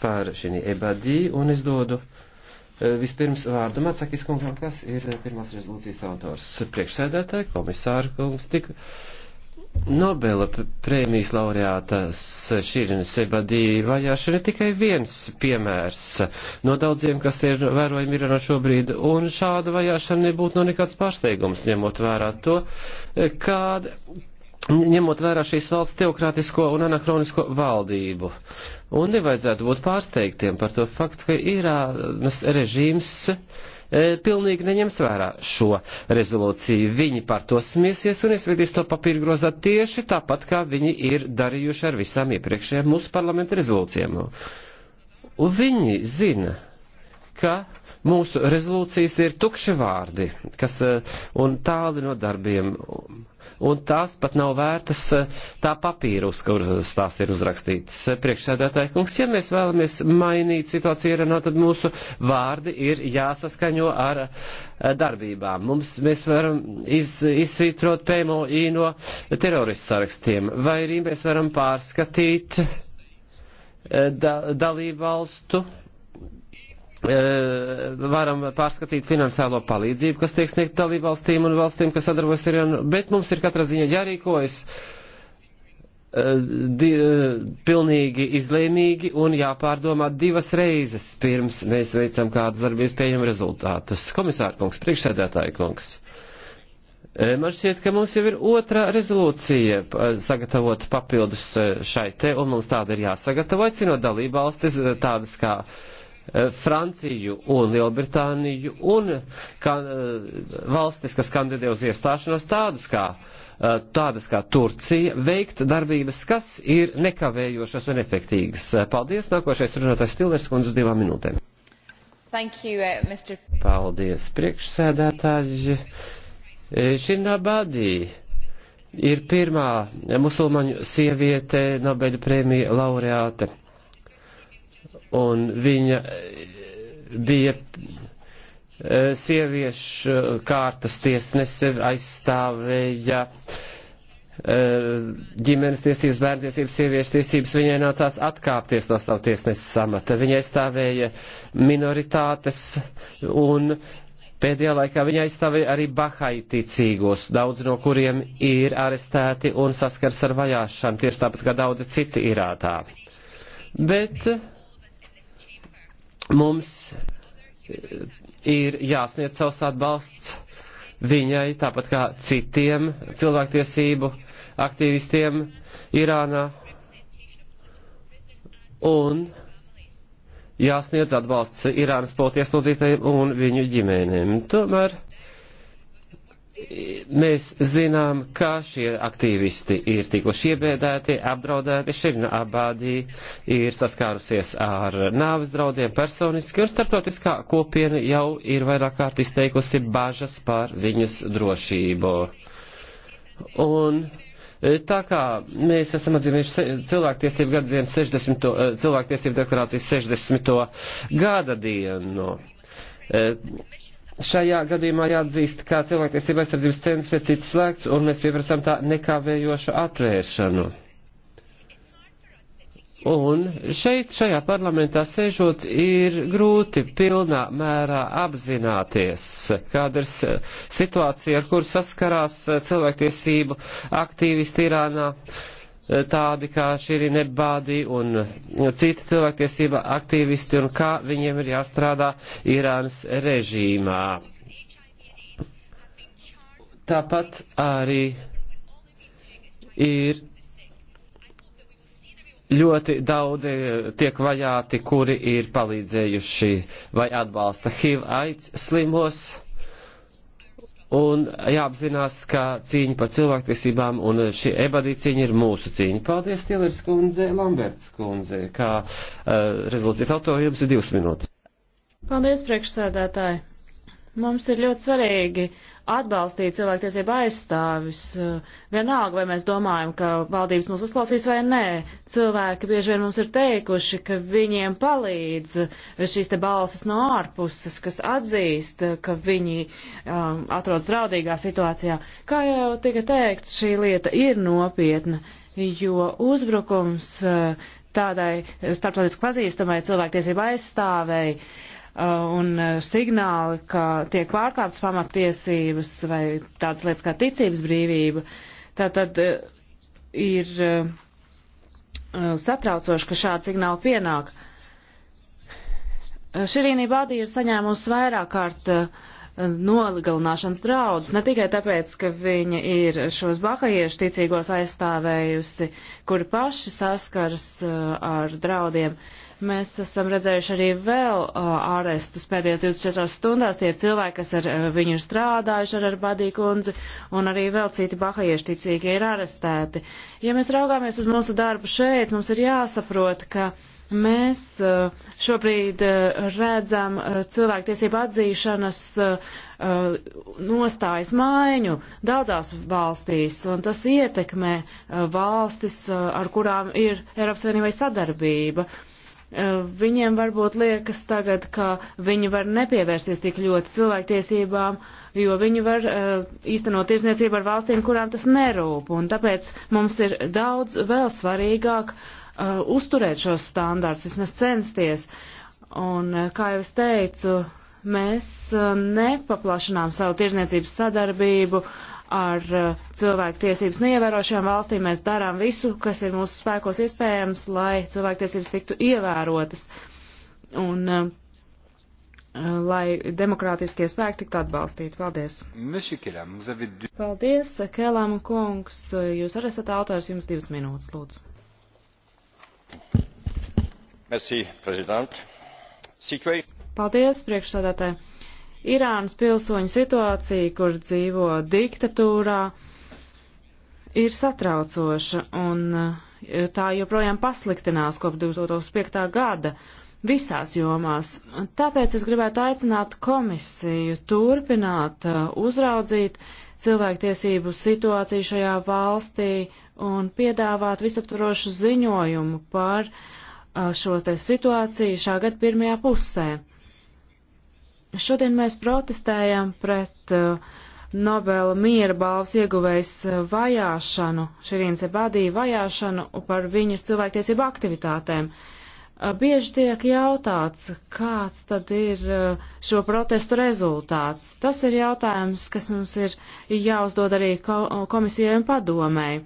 par šī ebadī, un es dodu e, vispirms vārdu Macakis kungam, kas ir e, pirmās rezolūcijas autors. Priekšsēdētāji, komisāra kungs, tik. Nobela prēmijas laureātas Šīrinas Sebadī vajāšana ir tikai viens piemērs no daudziem, kas ir vērojami ir no šobrīd, un šāda vajāšana nebūtu no nekāds pārsteigums, ņemot vērā to, e, kāda ņemot vērā šīs valsts teokrātisko un anahronisko valdību. Un nevajadzētu būt pārsteigtiem par to faktu, ka Irānas režīms e, pilnīgi neņems vērā šo rezolūciju. Viņi par to smiesies un iesvedīs to papīru grozā tieši tāpat, kā viņi ir darījuši ar visām iepriekšējām mūsu parlamenta rezolūcijām. Un viņi zina, ka mūsu rezolūcijas ir tukši vārdi, kas eh, un tāli no darbiem, un tās pat nav vērtas eh, tā papīra, uz kuras tās ir uzrakstītas. Eh, priekšsēdētāji kungs, ja mēs vēlamies mainīt situāciju Iranā, tad mūsu vārdi ir jāsaskaņo ar darbībām. Mums, mēs varam iz, izsvītrot PMOI no teroristu sarakstiem, vai arī mēs varam pārskatīt da, dalību valstu Eh, varam pārskatīt finansiālo palīdzību, kas tiek sniegt dalībvalstīm un valstīm, kas sadarbojas ar vienu, bet mums ir katrā ziņā jārīkojas eh, di, eh, pilnīgi izlēmīgi un jāpārdomā divas reizes pirms mēs veicam kādus darbības pieejam rezultātus. Komisārkungs, priekšsēdētāji kungs. Man šķiet, ka mums jau ir otrā rezolūcija sagatavot papildus šai te, un mums tāda ir jāsagatavo, aicinot dalībvalstis tādas kā uh, Eh, Franciju un Lielbritāniju un kan, eh, valstis, kas kandidē uz iestāšanos, tādas kā, eh, tādas kā Turcija, veikt darbības, kas ir nekavējošas un efektīgas. Paldies, nākošais runātājs Stilers, kundze, divām minūtēm. Thank you, Mr. Paldies, priekšsēdētāji. Šinabadī ir pirmā musulmaņu sieviete Nobeļa prēmija laureāte un viņa eh, bija eh, sieviešu kārtas tiesnese aizstāvēja eh, ģimenes tiesības, bērnu tiesības, sieviešu tiesības, viņai nācās atkāpties no savu tiesneses samata. Viņa aizstāvēja minoritātes un pēdējā laikā viņa aizstāvēja arī Bahai ticīgos, daudz no kuriem ir arestēti un saskars ar vajāšanu, tieši tāpat kā daudzi citi irātā. Bet Mums eh, ir jāsniedz savs atbalsts viņai, tāpat kā citiem cilvēktiesību aktīvistiem Irānā. Un jāsniedz atbalsts Irānas politieslodzītajiem un viņu ģimenēm. Tomēr Mēs zinām, kā šie aktīvisti ir tikuši iebēdēti, apdraudēti, Širna Abādī ir saskārusies ar nāves draudiem personiski, un starptautiskā kopiena jau ir vairāk kārt izteikusi bažas par viņas drošību. Un e, Tā kā mēs esam atzīmējuši cilvēktiesību gadu dienu 60. E, cilvēktiesību deklarācijas 60. gada dienu. E, šajā gadījumā jāatzīst, ka cilvēktiesība aizsardzības centrs ir ticis slēgts, un mēs pieprasām tā nekavējošu atvēršanu. Un šeit, šajā parlamentā sēžot, ir grūti pilnā mērā apzināties, kāda ir situācija, ar kur saskarās cilvēktiesību aktīvisti Irānā tādi kā Širine Bādi un citi cilvēktiesība aktīvisti un kā viņiem ir jāstrādā Irānas režīmā. Tāpat arī ir ļoti daudzi eh, tiek vajāti, kuri ir palīdzējuši vai atbalsta HIV aids slimos Un jāapzinās, ka cīņa par cilvēktiesībām un šī ebadī cīņa ir mūsu cīņa. Paldies, Tilers kundze, Lamberts kundze, kā uh, rezolūcijas autori jums ir divas minūtes. Paldies, priekšsēdētāji. Mums ir ļoti svarīgi atbalstīt cilvēktiesību aizstāvis. Vienalga, vai mēs domājam, ka valdības mūs uzklausīs vai nē, cilvēki bieži vien mums ir teikuši, ka viņiem palīdz šīs te balsis no ārpuses, kas atzīst, ka viņi um, atrodas draudīgā situācijā. Kā jau tika teikts, šī lieta ir nopietna, jo uzbrukums uh, tādai starptautiski pazīstamai cilvēktiesību aizstāvēji Uh, un uh, signāli, ka tiek pārkāptas pamatiesības vai tādas lietas kā ticības brīvība. Tātad uh, ir satraucoši, ka šādi signāli pienāk. Širīnī Bādī ir saņēmusi vairāk kārt noligalināšanas draudus, ne tikai tāpēc, ka viņa ir šos bakajiešu ticīgos aizstāvējusi, kuri paši saskars ar draudiem, uh, Mēs esam redzējuši arī vēl uh, ārestus pēdējās 24 stundās. Tie cilvēki, kas ar uh, viņu ir strādājuši ar Arbadīju kundzi, un arī vēl citi bahajieši ticīgi ir arestēti. Ja mēs raugāmies uz mūsu darbu šeit, mums ir jāsaprot, ka mēs uh, šobrīd uh, redzam uh, cilvēktiesību atzīšanas uh, uh nostājas maiņu daudzās valstīs, un tas ietekmē uh, valstis, uh, ar kurām ir Eiropas Savienībai sadarbība. Uh, Eh, viņiem varbūt liekas tagad, ka viņi var nepievērsties tik ļoti cilvēktiesībām, jo viņi var eh, īstenot tirzniecību ar valstīm, kurām tas nerūp. Un tāpēc mums ir daudz vēl svarīgāk eh, uzturēt šos standārts, vismaz censties. Un, kā jau es teicu, mēs nepaplašinām savu tirzniecības sadarbību ar uh, cilvēku tiesības neievērošajām valstīm. Mēs darām visu, kas ir mūsu spēkos iespējams, lai cilvēku tiesības tiktu ievērotas un uh, uh, lai demokrātiskie spēki tiktu atbalstīti. Paldies! Paldies, Kēlām kungs! Jūs arī esat autors, jums divas minūtes, lūdzu. Merci, Paldies, priekšsādātāji! Irānas pilsoņu situācija, kur dzīvo diktatūrā, ir satraucoša, un eh, tā joprojām pasliktinās kopš 2005. gada visās jomās. Tāpēc es gribētu aicināt komisiju turpināt eh, uzraudzīt cilvēktiesību situāciju šajā valstī un piedāvāt visaptvarošu ziņojumu par eh, šo te situāciju šā gada pirmajā pusē. Šodien mēs protestējam pret uh, Nobela miera balvas ieguvējs uh, vajāšanu, Širīns Ebadī vajāšanu par viņas cilvēktiesību aktivitātēm. Uh, bieži tiek jautāts, kāds tad ir uh, šo protestu rezultāts. Tas ir jautājums, kas mums ir jāuzdod arī ko komisijai un padomēji.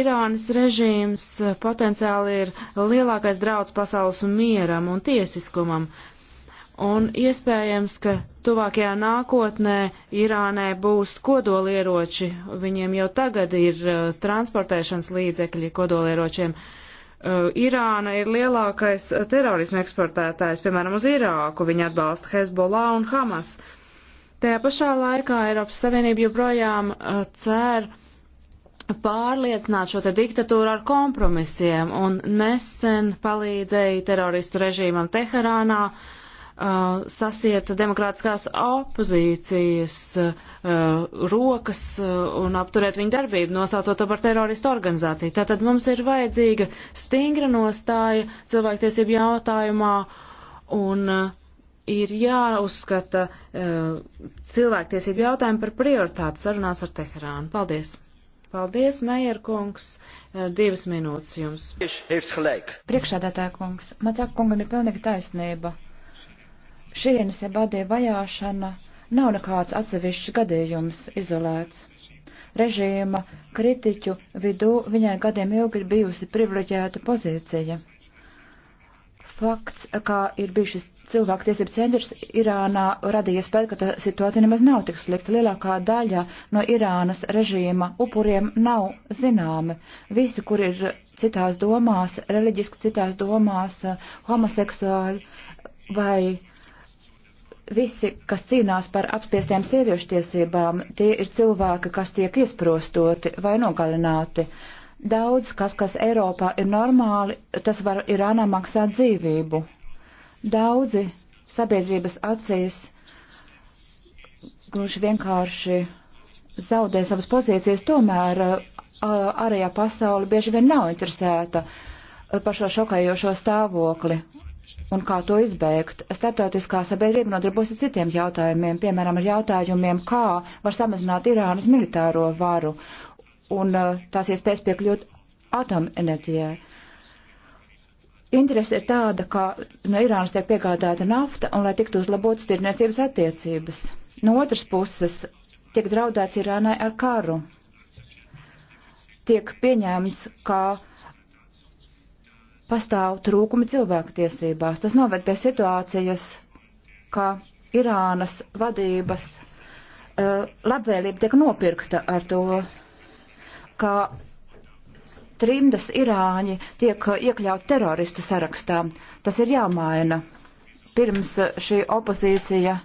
Irānas režīms uh, potenciāli ir lielākais draudz pasaules mieram un tiesiskumam un iespējams, ka tuvākajā nākotnē Irānai būs kodolieroči. Viņiem jau tagad ir uh, transportēšanas līdzekļi kodolieročiem. Uh, Irāna ir lielākais uh, terorisma eksportētājs, piemēram, uz Irāku. Viņi atbalsta Hezbollah un Hamas. Tajā pašā laikā Eiropas Savienība joprojām uh, cer pārliecināt šo te diktatūru ar kompromisiem un nesen palīdzēja teroristu režīmam Teherānā uh, uh, sasiet demokrātiskās opozīcijas uh, rokas uh, un apturēt viņu darbību, nosaucot to par teroristu organizāciju. Tātad mums ir vajadzīga stingra nostāja cilvēktiesību jautājumā un uh, ir jāuzskata uh, cilvēktiesību jautājumu par prioritāti sarunās ar Teherānu. Paldies! Paldies, Meijer kungs, uh, divas minūtes jums. Priekšsēdētāja kungs, Macāk kungam ir pilnīga taisnība. Uh, Širienas Ebadē vajāšana nav nekāds atsevišķs gadījums izolēts. Režīma kritiķu vidū viņai gadiem ilgi ir bijusi privileģēta pozīcija. Fakts, kā ir bijušas cilvēktiesību centrs Irānā, radīja iespēju, ka tā situācija nemaz nav tik slikta. Lielākā daļa no Irānas režīma upuriem nav zināmi. Visi, kur ir citās domās, reliģiski citās domās, homoseksuāļi vai visi, kas cīnās par apspiestiem sieviešu tiesībām, tie ir cilvēki, kas tiek iesprostoti vai nogalināti. Daudz, kas, kas Eiropā ir normāli, tas var Irānā maksāt dzīvību. Daudzi sabiedrības acīs gluži vienkārši zaudē savas pozīcijas, tomēr ārējā pasauli bieži vien nav interesēta par šo šokējošo stāvokli un kā to izbēgt. Startautiskā sabiedrība nodarbojas ar citiem jautājumiem, piemēram, ar jautājumiem, kā var samazināt Irānas militāro varu un uh, tās iespējas piekļūt atomenerģijai. Interese ir tāda, ka no Irānas tiek piegādāta nafta un lai tiktu uzlabotas tirniecības attiecības. No otras puses tiek draudēts Irānai ar karu. Tiek pieņēmts, ka pastāv trūkumi cilvēktiesībās. Tas noved pie situācijas, ka Irānas vadības uh, labvēlība tiek nopirkta ar to, ka trimdas Irāņi tiek iekļaut teroristu sarakstā. Tas ir jāmaina pirms eh, šī opozīcija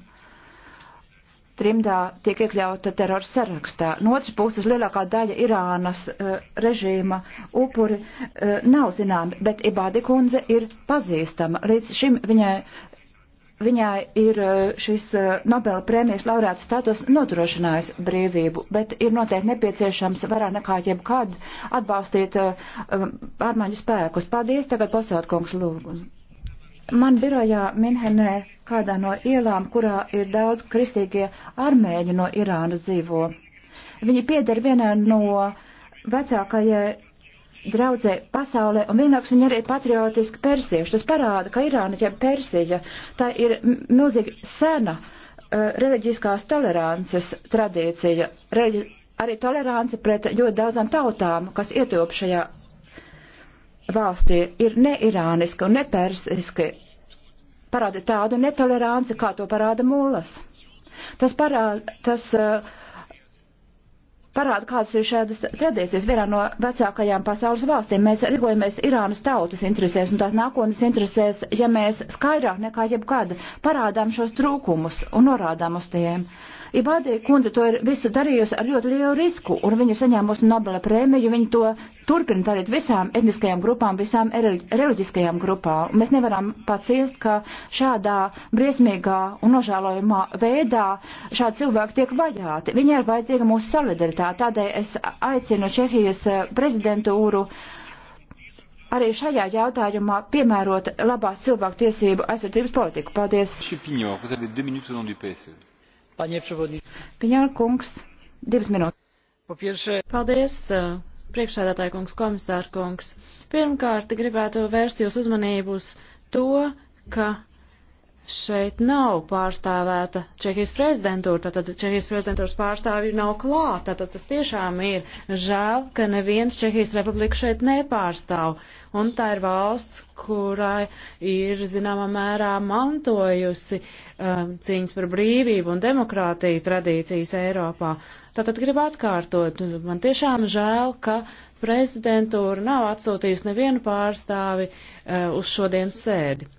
trimdā tiek iekļauta terora sarakstā. No otras puses, lielākā daļa Irānas uh, režīma upuri uh, nav zināmi, bet Ibādi kundze ir pazīstama. Līdz šim viņai, viņai ir uh, šis uh, Nobela prēmijas laureāta status nodrošinājis brīvību, bet ir noteikti nepieciešams varā nekā jebkad atbalstīt uh, uh, ārmaiņu spēkus. Paldies, tagad pasautkungs lūgums. Man birojā Minhenē kādā no ielām, kurā ir daudz kristīgie armēņi no Irānas dzīvo. Viņi pieder vienai no vecākajai draudzē pasaulē, un vienlaiks viņi arī ir patriotiski persieši. Tas parāda, ka Irāna, ja Persija, tā ir milzīgi sena uh, reliģiskās tolerances tradīcija, reliģi arī tolerance pret ļoti daudzām tautām, kas ietilp šajā valstī ir neirāniska un nepersiska, parāda tādu netoleranci, kā to parāda mullas. Tas parāda, tas eh, parāda, kādas ir šādas tradīcijas. Vienā no vecākajām pasaules valstīm mēs rīkojamies Irānas tautas interesēs un tās nākotnes interesēs, ja mēs skaidrāk nekā jebkad parādām šos trūkumus un norādām uz tiem. Uh, Ibādī kundze to ir visu darījusi ar ļoti lielu risku, un viņa saņēmusi Nobela prēmiju, viņa to turpina darīt visām etniskajām grupām, visām reliģiskajām grupām. Mēs nevaram paciest, ka šādā briesmīgā un nožēlojumā veidā šādi cilvēki tiek vajāti. Viņai ir vajadzīga mūsu solidaritāte, tādēļ es aicinu Čehijas eh, prezidentūru arī šajā jautājumā piemērot labās cilvēku tiesību aizsardzības politiku. Paldies! Šipino, Paņē Prevodničs. Piņā kungs, divas minūtes. Papieršē. Paldies. Eh, priekšsēdētāja kungs, komisāra kungs, pirmkārt gribētu vērst jūs uzmanību uz to, ka šeit nav pārstāvēta Čehijas prezidentūra, tātad Čehijas prezidentūras pārstāvju nav klāt, tātad tas tiešām ir žēl, ka neviens Čehijas republiku šeit nepārstāv. Un tā ir valsts, kurai ir zināmā mērā mantojusi um, cīņas par brīvību un demokrātiju tradīcijas Eiropā. Tātad gribu atkārtot, man tiešām žēl, ka prezidentūra nav atsūtījusi nevienu pārstāvi uh, uz šodienas sēdi.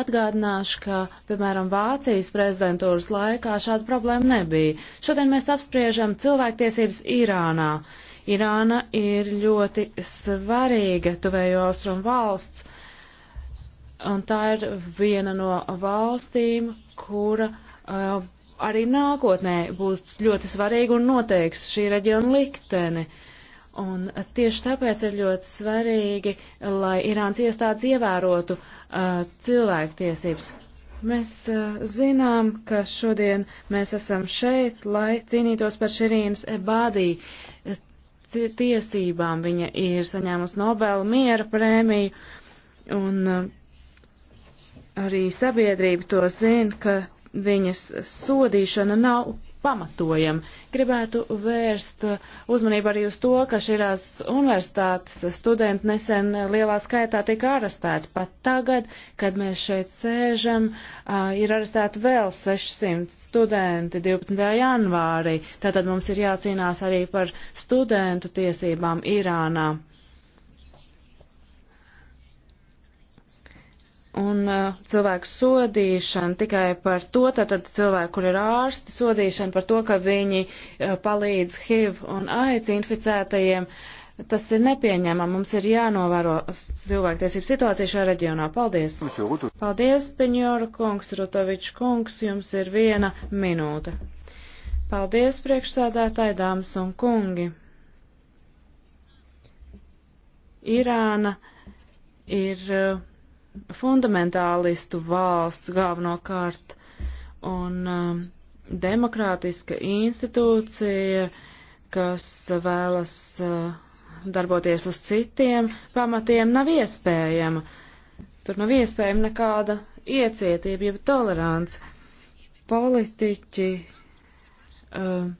Atgādināšu, ka, piemēram, Vācijas prezidentūras laikā šāda problēma nebija. Šodien mēs apspriežam cilvēktiesības Irānā. Irāna ir ļoti svarīga tuvējo austrumu valsts, un tā ir viena no valstīm, kura uh, arī nākotnē būs ļoti svarīga un noteiks šī reģiona likteni. Uh, Un tieši tāpēc ir ļoti svarīgi, lai Irāns iestādes ievērotu uh, cilvēktiesības. Mēs uh, zinām, ka šodien mēs esam šeit, lai cīnītos par Širīnas Ebādī uh, tiesībām. Viņa ir saņēmusi Nobela miera prēmiju, un uh, arī sabiedrība to zina, ka viņas sodīšana nav pamatojam. Gribētu vērst uzmanību arī uz to, ka šīs universitātes studenti nesen lielā skaitā tika arestēti. Pat tagad, kad mēs šeit sēžam, ir arestēti vēl 600 studenti 12. janvārī. Tātad mums ir jācīnās arī par studentu tiesībām Irānā. un uh, cilvēku sodīšana tikai par to, tātad cilvēku, kur ir ārsti, sodīšana par to, ka viņi uh, palīdz HIV un AIDS inficētajiem, tas ir nepieņemam. Mums ir jānovēro cilvēktiesību situācija šajā reģionā. Paldies! Paldies, Piņora kungs, Rutovičs kungs, jums ir viena minūte. Paldies, priekšsēdētāji, dāmas un kungi! Irāna ir. Uh, fundamentālistu valsts galvenokārt, un um, demokrātiska institūcija, kas vēlas uh, darboties uz citiem pamatiem, nav iespējama. Tur nav iespējama nekāda iecietība, jeb tolerants. Politiķi uh,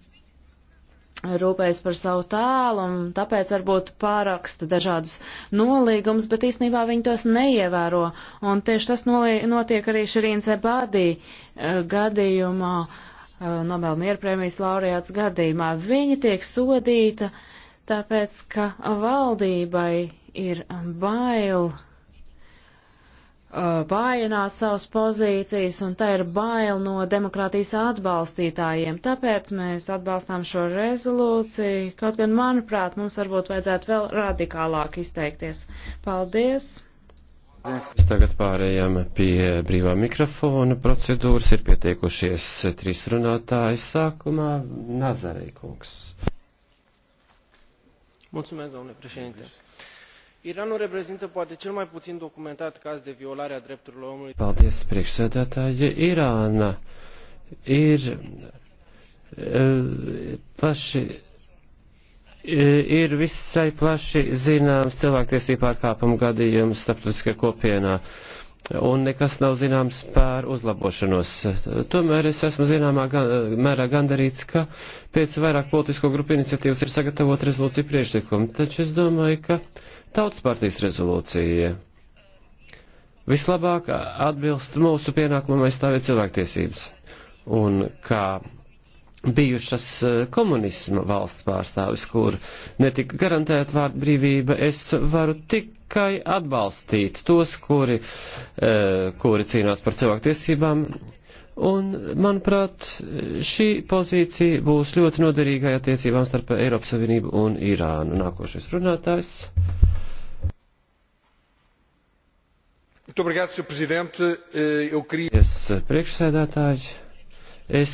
rūpējas par savu tēlu un tāpēc varbūt pāraksta dažādus nolīgumus, bet īstenībā viņi tos neievēro. Un tieši tas notiek arī Šarīns Ebādī eh, gadījumā, eh, Nobel mierprēmijas laureāts gadījumā. Viņa tiek sodīta tāpēc, ka valdībai ir bail Uh, vājināt savas pozīcijas, un tā ir bail no demokrātijas atbalstītājiem. Tāpēc mēs atbalstām šo rezolūciju, kaut gan, manuprāt, mums varbūt vajadzētu vēl radikālāk izteikties. Paldies! Mēs tagad pārējām pie brīvā mikrofona procedūras. Ir pietiekušies trīs runātāji sākumā. Nazarei kungs. Mulțumesc, domnule președinte iranul reprezintă poate cel mai puțin documentat caz de violare a drepturilor omului. Paldies, priekšsēdētāji. Irāna ir eh, plaši eh, ir visai plaši zināms cilvēktiesību pārkāpumu gadījums starptautiskajā kopienā. Un nekas nav zināms par uzlabošanos. Tomēr es esmu zināmā mērā gandarīts, ka pēc vairāk politisko grupu iniciatīvas ir sagatavot rezolūciju priekšlikumu. Taču es domāju, ka Tautas partijas rezolūcija vislabāk atbilst mūsu pienākumam aizstāvēt cilvēktiesības. Un kā bijušas e, komunisma valsts pārstāvis, kur netika garantēta vārda brīvība, es varu tikai atbalstīt tos, kuri, e, kuri cīnās par cilvēktiesībām. Un, manuprāt, šī pozīcija būs ļoti noderīga attiecībām starp Eiropas Savienību un Irānu. Nākošais runātājs. Paldies, eh, priekšsēdētāji. Es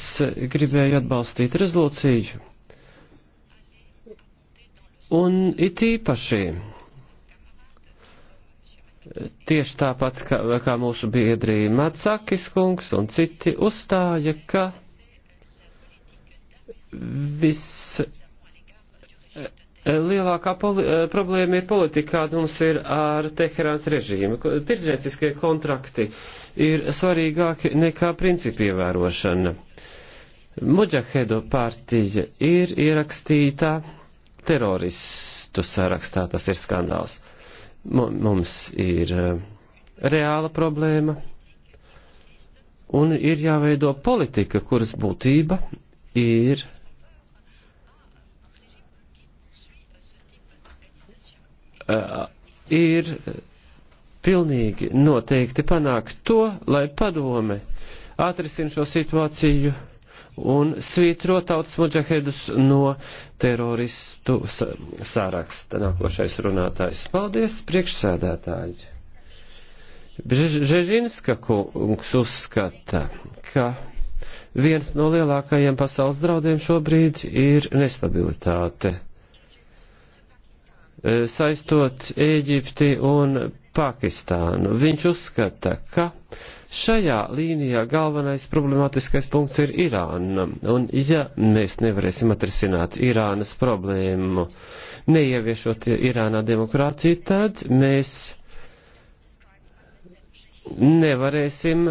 gribēju atbalstīt rezolūciju. Un it īpaši tieši tāpat kā, kā mūsu biedri Matsakis kungs un citi uzstāja, ka viss Eh, lielākā poli, eh, problēma ir politikā, kāda mums ir ar Teherāns režīmu. Tirdznieciskie kontrakti ir svarīgāki nekā principu ievērošana. Muģahedo partija ir ierakstīta teroristu sarakstā, tas ir skandāls. Mums ir eh, reāla problēma un ir jāveido politika, kuras būtība ir Eh, ir eh, pilnīgi noteikti panākt to, lai padome atrisin šo situāciju un svītro tautas muģahedus no teroristu sāraksta. Nākošais runātājs. Paldies, priekšsēdētāji. Žežinska kungs uzskata, ka viens no lielākajiem pasaules draudiem šobrīd ir nestabilitāte E, saistot Ēģipti un Pakistānu. Viņš uzskata, ka šajā līnijā galvenais problemātiskais punkts ir Irāna, un ja mēs nevarēsim atrisināt Irānas problēmu, neieviešot Irānā demokrātiju, tad mēs nevarēsim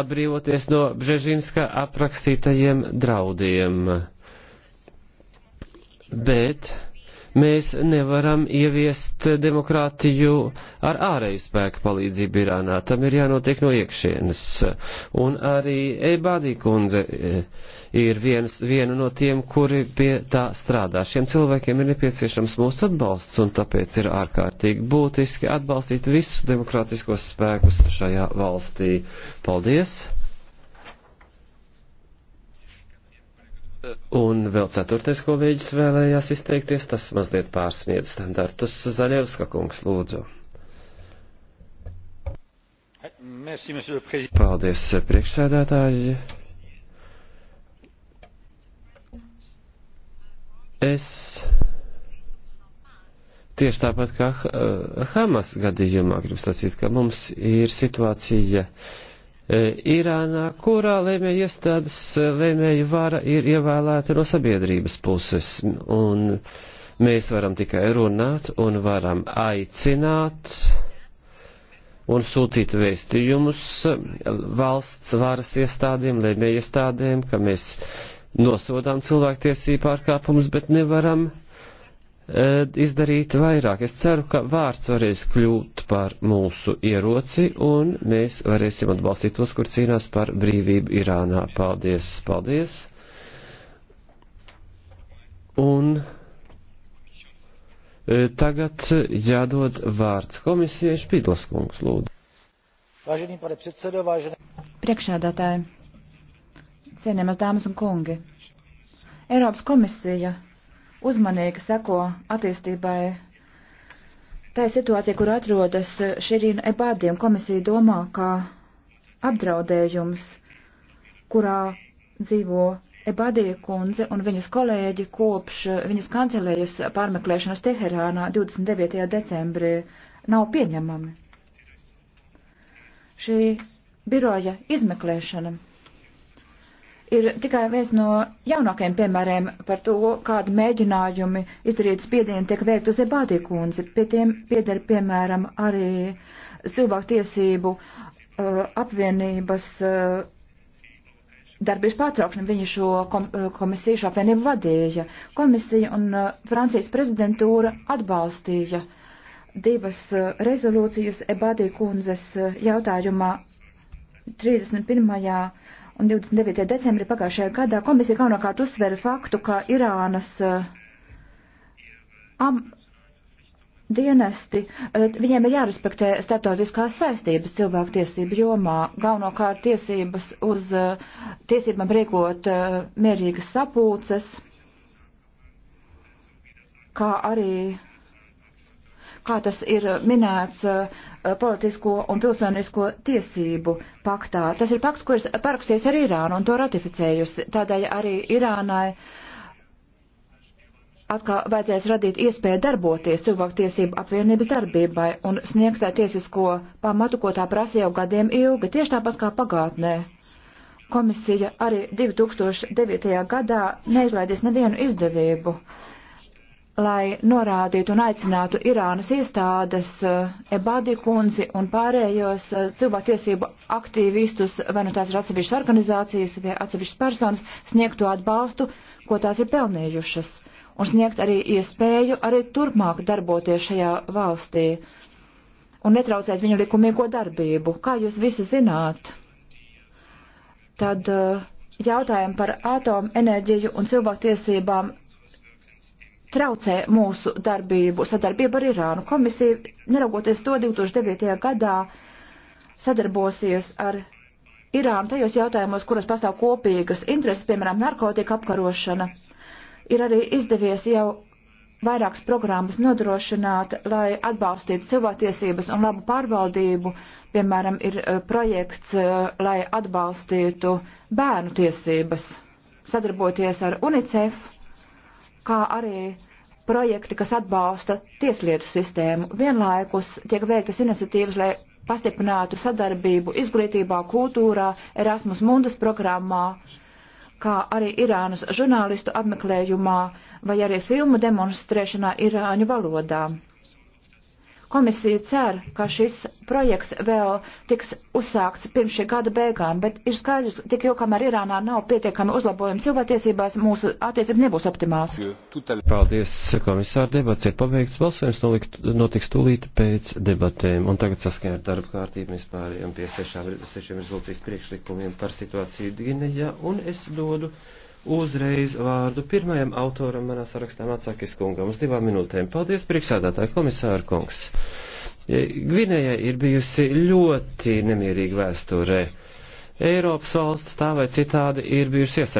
atbrīvoties no Bžežinska aprakstītajiem draudiem. Bet mēs nevaram ieviest demokrātiju ar ārēju spēku palīdzību Irānā. Tam ir jānotiek no iekšienes. Un arī Eibādī kundze eh, ir viens, viena no tiem, kuri pie tā strādā. Šiem cilvēkiem ir nepieciešams mūsu atbalsts, un tāpēc ir ārkārtīgi būtiski atbalstīt visus demokrātiskos spēkus šajā valstī. Paldies! Un vēl ceturtais kolēģis vēlējās izteikties, tas mazliet pārsniedz standartus. Zaļevska kungs, lūdzu. Merci, Paldies, priekšsēdētāji. Es tieši tāpat kā Hamas gadījumā gribu sacīt, ka mums ir situācija. Uh, E, Irānā, kurā lēmēja iestādes, e, lēmēja vara ir ievēlēta no sabiedrības puses. Un mēs varam tikai runāt un varam aicināt un sūtīt vēstījumus valsts varas iestādēm, lēmēja iestādēm, ka mēs nosodām cilvēktiesību pārkāpumus, bet nevaram E, izdarīt vairāk. Es ceru, ka vārds varēs kļūt par mūsu ieroci un mēs varēsim atbalstīt tos, kur cīnās par brīvību Irānā. Paldies, paldies. Un e, tagad jādod vārds komisijai Špidlas kungs, lūdzu. Priekšādātāji, cienījamas dāmas un kungi, Eiropas komisija uzmanīgi seko attīstībai tā situācija, kur atrodas Širīna Ebādiem. Komisija domā, ka apdraudējums, kurā dzīvo Ebadija kundze un viņas kolēģi kopš viņas kancelējas pārmeklēšanas Teherānā 29. decembrī nav pieņemami. Šī biroja izmeklēšana ir tikai viens no jaunākajiem piemēriem par to, kādu mēģinājumi izdarīt spiedienu tiek veikt uz Ebātī kundzi. Pie tiem pieder, piemēram, arī cilvēku tiesību uh, apvienības. Uh, darbības pārtraukšana viņa šo uh, komisiju, šo apvienību vadīja. Komisija un uh, Francijas prezidentūra atbalstīja divas uh, rezolūcijas Ebadī kundzes jautājumā 31. un 29. decembrī pagājušajā gadā komisija galvenokārt uzsvēra faktu, ka Irānas eh, am, dienesti, eh, viņiem ir jārespektē starptautiskās saistības cilvēktiesību jomā, galvenokārt tiesības uz eh, tiesībām rīkot mierīgas sapulces, kā arī kā tas ir minēts uh, politisko un pilsonisko tiesību paktā. Tas ir pakts, kuras parakstījies ar Irānu un to ratificējusi. Tādēļ arī Irānai atkal vajadzēs radīt iespēju darboties cilvēktiesību apvienības darbībai un sniegt tā tiesisko pamatu, ko tā prasa jau gadiem ilgi, tieši tāpat kā pagātnē. Komisija arī 2009. gadā neizlaidīs nevienu izdevību lai norādītu un aicinātu Irānas iestādes, eh, Ebadi kundzi un pārējos eh, cilvēktiesību aktīvistus, vai nu tās ir atsevišķas organizācijas vai atsevišķas personas, sniegtu atbalstu, ko tās ir pelnījušas, un sniegt arī iespēju arī turpmāk darboties šajā valstī un netraucēt viņu likumīgo darbību. Kā jūs visi zināt, tad eh, jautājumi par atomenerģiju un cilvēktiesībām traucē mūsu darbību, sadarbību ar Irānu. Komisija, neraugoties to 2009. gadā, sadarbosies ar Irānu tajos jautājumos, kuros pastāv kopīgas intereses, piemēram, narkotika apkarošana. Ir arī izdevies jau vairākas programmas nodrošināt, lai atbalstītu cilvēktiesības un labu pārvaldību. Piemēram, ir eh, projekts, eh, lai atbalstītu bērnu tiesības, sadarboties ar UNICEF kā arī projekti, kas atbalsta tieslietu sistēmu. Vienlaikus tiek veiktas iniciatīvas, lai pastiprinātu sadarbību izglītībā, kultūrā, Erasmus Mundas programmā, kā arī Irānas žurnālistu apmeklējumā vai arī filmu demonstrēšanā Irāņu valodā. Komisija cer, ka šis projekts vēl tiks uzsākts pirms šī gada beigām, bet ir skaidrs, tik jau kamēr Irānā nav pietiekami uzlabojumi cilvēktiesībās, mūsu attiecības nebūs optimāls. Paldies, komisār, debats ir pabeigts, balsojums nolikt, notiks tūlīt pēc debatēm, un tagad saskaņā ar darba kārtību mēs pārējām pie sešām, sešiem rezultātu priekšlikumiem par situāciju Ginejā, un es dodu uzreiz vārdu pirmajam autoram manā sarakstā Macakis kungam uz divām minūtēm. Paldies, priekšsādātāji komisāra kungs. Gvinējai ir bijusi ļoti nemierīga vēsturē. Eiropas valsts tā vai citādi ir bijušas iesaistītas.